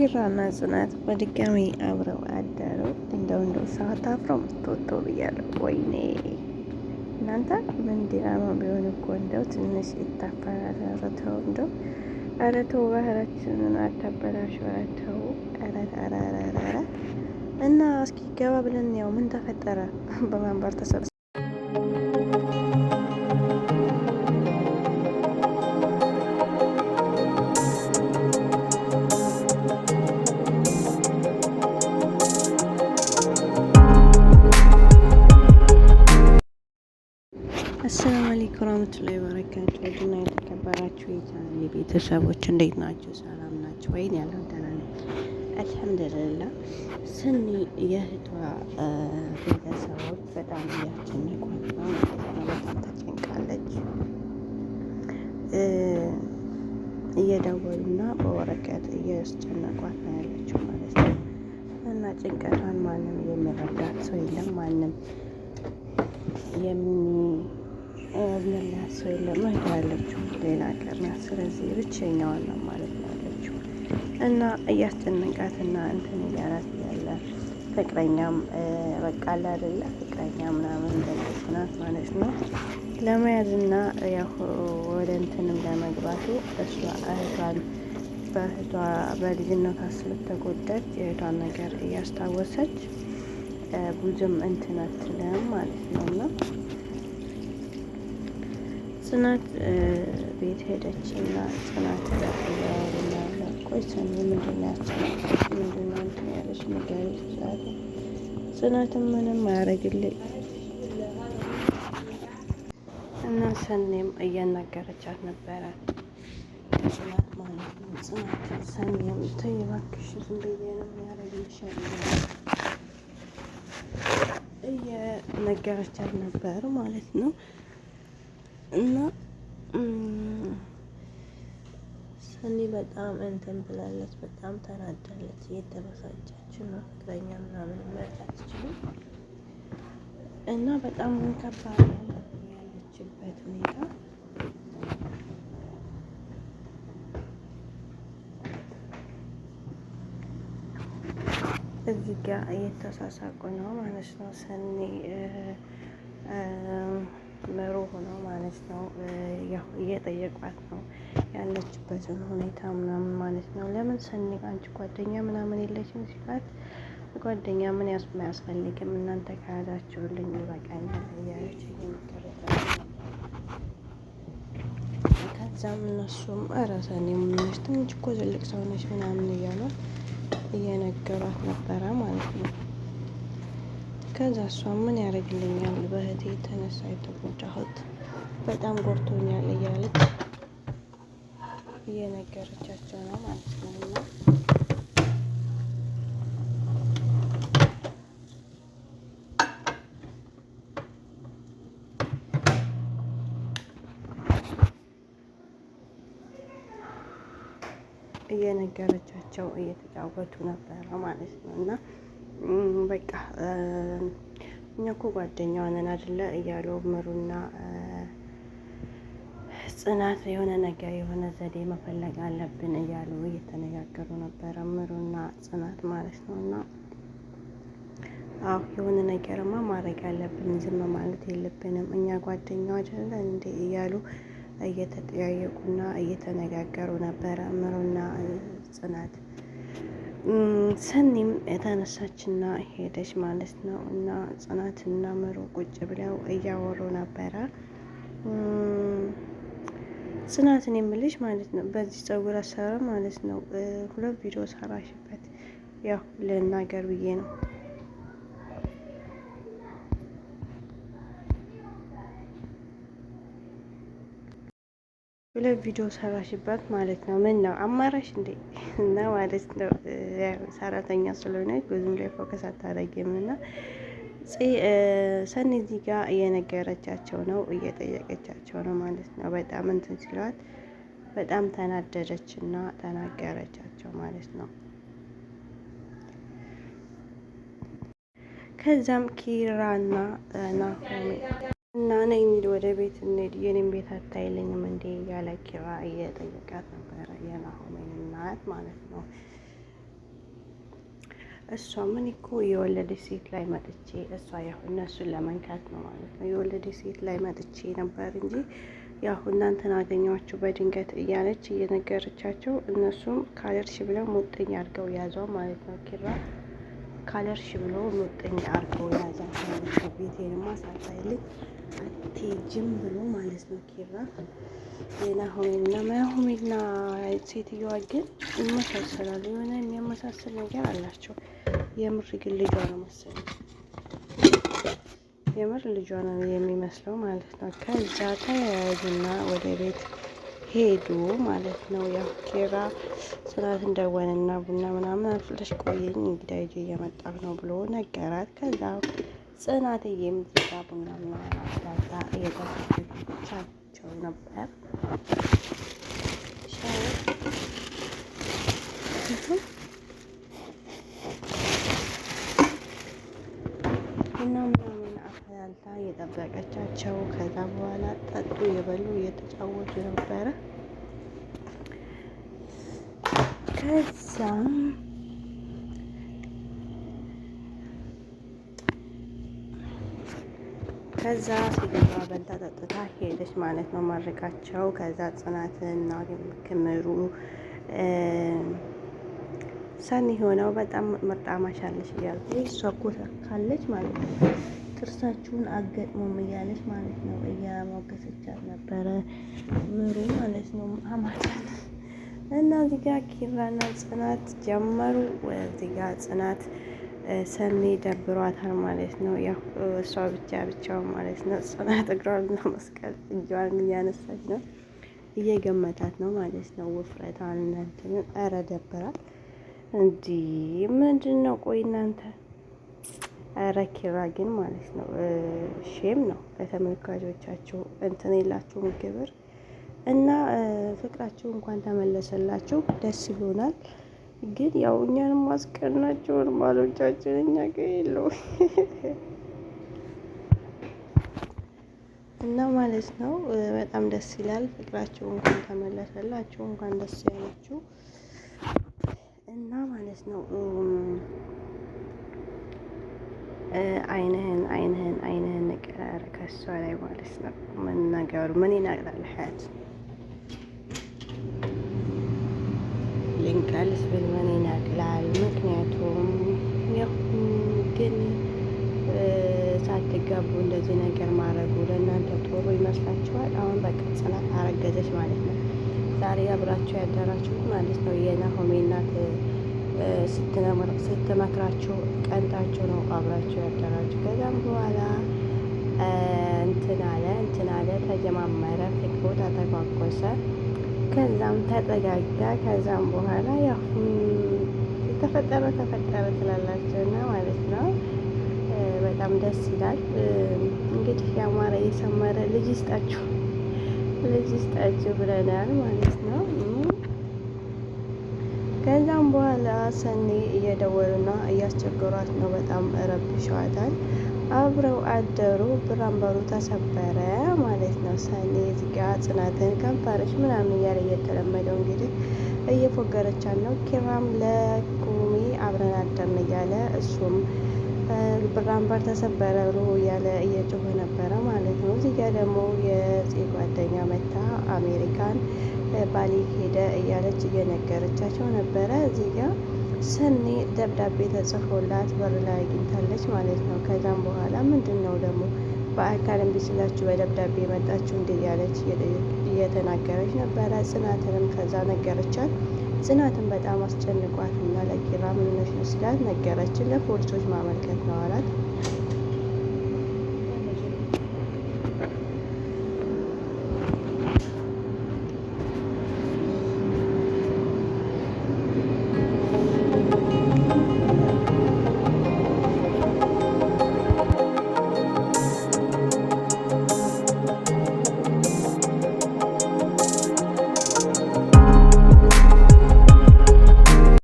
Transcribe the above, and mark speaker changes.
Speaker 1: ኪራና ጽናት በድጋሚ አብረው አደሩ። እንደው እንደው ሰዓት አፍረው ምትወጡ ብያለሁ። ወይኔ እናንተ ምን ዲራማ ቢሆን እኮ እንደው ትንሽ ይታፈራል። ኧረ ተው እንደው ኧረ ተው፣ ባህላችንን አታበላሹ። ኧረ ተው እና እስኪ ገባ ብለን ያው ምን ተፈጠረ በማንበር ተሰብስ አሰላሙ አለይኩም ወራህመቱላሂ ወበረካቱ። ለድና የተከበራችሁ የቻናሌ ቤተሰቦች እንዴት ናችሁ? ሰላም ናችሁ ወይ? ያለው ደህና ነው አልሐምዱሊላህ። ስኒ የእህቷ ቤተሰቦች በጣም እያስጨነቋት ነው። በጣም ተጨንቃለች። እየደወሉና በወረቀት እያስጨነቋት ነው ያለችው ማለት ነው። እና ጭንቀቷን ማንም የሚረዳት ሰው የለም ማንም የሚ ምላት ሰው የለም እህቷ ያለችው ሌላ ሀገር ናት። ስለዚህ ብቸኛዋን ነው ማለት ነው ያለችው እና እያስጨነቃትና እንትን እያላት ያለ ፍቅረኛም በቃ አለ አይደለ ፍቅረኛ ምናምን እንደነሱ ማለት ነው ለመያዝና ወደ እንትንም ለመግባቱ እሷ እህቷን በእህቷ በልጅነቷ ስለተጎዳች የእህቷን ነገር እያስታወሰች ብዙም እንትን አትልም ማለት ነው እና ጽናት ቤት ሄደች እና ጽናት ያለ ቆይ ሰኒ ምንድናቸው ምንድናንት ያለች ነገር ዛሬ ጽናትም ምንም አያረግልኝ እና ሰኔም እያናገረቻት ነበረ ጽናት ማለት ነው። ጽናት ሰኔም ተይ እባክሽ ዝም ብዬ ነው የሚያደርግልሻል እየነገረቻት ነበር ማለት ነው። እና ሰኒ በጣም እንትን ብላለች፣ በጣም ተናዳለች፣ እየተበሳጨች ነው። ፍቅረኛ ምናምን መርዳት አትችልም እና በጣም ከባድ ያለችበት ሁኔታ እዚህ ጋር እየተሳሳቁ ነው ማለት ነው ሰኒ መሮ ሆኖ ማለት ነው እየጠየቋት ነው ያለችበትን ሁኔታ ምናምን ማለት ነው። ለምን ሰኒ አንቺ ጓደኛ ምናምን የለሽም ሲላት ጓደኛ ምን ያስፈልግም እናንተ ከያዛችሁልኝ ይበቃኛል እያለች እየመከረች ከዛም እነሱም ኧረ ሰኒ ምንሽ ትንሽ እኮ ትልቅ ሰው ነች ምናምን እያሉ እየነገሯት ነበረ ማለት ነው። ከዛ እሷ ምን ያደርግልኛል በእህቴ የተነሳ የተጎዳሁት በጣም ጎርቶኛል እያለች እየነገረቻቸው ነው ማለት ነው። እና እየነገረቻቸው እየተጫወቱ ነበረ ማለት ነው እና በቃ እኛ እኮ ጓደኛዋ ነን አይደለ እያሉ ምሩና ጽናት የሆነ ነገር የሆነ ዘዴ መፈለግ አለብን እያሉ እየተነጋገሩ ነበረ፣ ምሩና ጽናት ማለት ነው። እና አሁ የሆነ ነገርማ ማድረግ አለብን፣ ዝም ማለት የለብንም እኛ ጓደኛዋ አይደለ እንዴ እያሉ እየተጠያየቁና እየተነጋገሩ ነበረ ምሩና ጽናት። ሰኒም የተነሳችና ሄደች ማለት ነው። እና ጽናትና ምሩ ቁጭ ብለው እያወሩ ነበረ። ጽናትን የምልሽ ማለት ነው በዚህ ጸጉር አሰራር ማለት ነው ሁለት ቪዲዮ ሰራሽበት፣ ያው ልናገር ብዬ ነው ሁለት ቪዲዮ ሰራሽባት ማለት ነው። ምን ነው አማራሽ እንዴ? እና ማለት ነው ሰራተኛ ስለሆነች ብዙም ላይ ፎከስ አታረጊም እና ሰኒ እዚህ ጋር እየነገረቻቸው ነው እየጠየቀቻቸው ነው ማለት ነው። በጣም እንትን ሲሏት በጣም ተናደደች እና ተናገረቻቸው ማለት ነው። ከዛም ኪራና ናሆሜ ነይ እንሂድ ወደ ቤት እንሂድ የኔም ቤት አታይልኝም እንዴ እያለ ኪራ እየጠየቃት ነበረ፣ የናሆሜን እናት ማለት ነው። እሷ ምን እኮ የወለደች ሴት ላይ መጥቼ እሷ ያው እነሱን ለመንካት ነው ማለት ነው የወለደች ሴት ላይ መጥቼ ነበር እንጂ ያው እናንተን አገኘኋችሁ በድንገት እያለች እየነገረቻቸው እነሱም ካለርሽ ብለው ሙጥኝ አድርገው ያዟ ማለት ነው። ኪራ ካለርሽ ብለው ሙጥኝ አድርገው ያዟ ቤቴንማ ሳታይልኝ አትሄጂም ብሎ ማለት ነው ኪራ እና ናሆሜና ሴትዮዋ ግን ይመሳሰላሉ። የሆነ የሚያመሳስል ነገር አላቸው። የምር ግን ልጇ ነው መሰለኝ የምር ልጇ ነው የሚመስለው ማለት ነው። ከዛ ተያያዙና ወደ ቤት ሄዱ ማለት ነው። ያው ኬራ ስላት እንደወነና ቡና ምናምን አፍልተሽ ቆየኝ እንግዲህ እየመጣሁ ነው ብሎ ነገራት። ከዛ ጽናትዬም እዚጋ ቡናና ዳታ እየጠበቀቻቸው ነበር። ቡና ምናምን አፈላልታ እየጠበቀቻቸው ከዛ በኋላ ጠጡ፣ የበሉ እየተጫወቱ ነበረ ከዛም ከዛ ሲገባ በልታ ጠጥታ ሄደች ማለት ነው። መርቃቸው ከዛ ጽናትና ክምሩ ሰኒ የሆነው በጣም መጣማሻለች እያሉ እሷ እኮ ተካለች ማለት ነው። ጥርሳችሁን አገጥሞም እያለች ማለት ነው። እያሞገሰቻት ነበረ ምሩ ማለት ነው አማታል እና እዚህ ኪራና ጽናት ጀመሩ። እዚህ ጽናት ሰኒ ደብሯታል ማለት ነው። ያው እሷ ብቻ ብቻው ማለት ነው። ጽናት እግሯን መስቀል እጇን እያነሳች ነው፣ እየገመታት ነው ማለት ነው። ውፍረቷን እናንተንም ኧረ ደብራል እንዲ ምንድን ነው? ቆይ እናንተ ኧረ ኪራ ግን ማለት ነው ሼም ነው ለተመልካቾቻችሁ እንትን የላችሁም ግብር እና ፍቅራችሁ እንኳን ተመለሰላችሁ። ደስ ይሆናል። ግን ያው እኛን ማስቀናቸው ኖርማሎቻችን እኛ ጋ የለው እና ማለት ነው። በጣም ደስ ይላል። ፍቅራቸው እንኳን ተመለሰላችሁ፣ እንኳን ደስ ያላችሁ እና ማለት ነው። አይንህን አይንህን አይንህን ንቀር ከሷ ላይ ማለት ነው። ምን ነገሩ ምን ይናግራል ሀያት ይደንቃል ስብል ምን ይነቅላል። ምክንያቱም ግን ሳትጋቡ እንደዚህ ነገር ማድረጉ ለእናንተ ጥሩ ይመስላችኋል? አሁን በቃ ጽናት አረገዘች ማለት ነው። ዛሬ አብራችሁ ያደራችሁት ማለት ነው የናሆሜ እናት ስትመክራችሁ ቀንታችሁ ነው አብራችሁ ያደራችሁ። ከዛም በኋላ እንትን አለ እንትን አለ ተጀማመረ፣ ፍቅሩ ተተጓጎሰ ከዛም ተጠጋጋ። ከዛም በኋላ ያው የተፈጠረ ተፈጠረ ትላላቸው እና ማለት ነው። በጣም ደስ ይላል። እንግዲህ ያማረ የሰመረ ልጅ ይስጣችሁ፣ ልጅ ይስጣችሁ ብለናል ማለት ነው። ከዛም በኋላ ሰኔ እየደወሉና እያስ ቸግሯት ነው። በጣም ረብሸዋታል። አብረው አደሩ። ብራንበሩ ተሰበረ ማለት ነው። ሰኔ ዚጋ ጽናትን ከንፈርሽ ምናምን እያለ እየተለመደው እንግዲህ እየፎገረቻ ነው። ኪራም ለኩሚ አብረን አደርን እያለ እሱም ብራንበር ተሰበረ ብሎ እያለ እየጮኸ ነበረ ማለት ነው። እዚጋ ደግሞ የጽ ጓደኛ መታ አሜሪካን ባሊ ሄደ እያለች እየነገረቻቸው ነበረ እዚጋ ሰኒ ደብዳቤ ተጽፎላት በር ላይ አግኝታለች ማለት ነው። ከዛም በኋላ ምንድን ነው ደግሞ በአካል እምቢ ስላችሁ በደብዳቤ መጣችሁ እንዴ ያለች እየተናገረች ነበረ። ጽናትንም ከዛ ነገረቻት። ጽናትን በጣም አስጨንቋት እና ለኪራ ምንነሽ ስላት ነገረችን። ለፖሊሶች ማመልከት ነው አላት።